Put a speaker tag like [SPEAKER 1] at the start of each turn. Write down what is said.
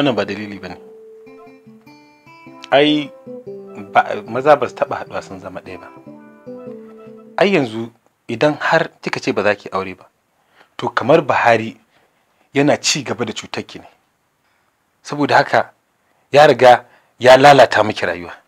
[SPEAKER 1] wannan ba dalili ba ne ai maza ba su taɓa haɗuwa sun zama ɗaya ba ai yanzu idan har kika ce ba za ki aure ba to kamar buhari yana ci gaba da cutarki ne saboda haka ya riga ya lalata miki rayuwa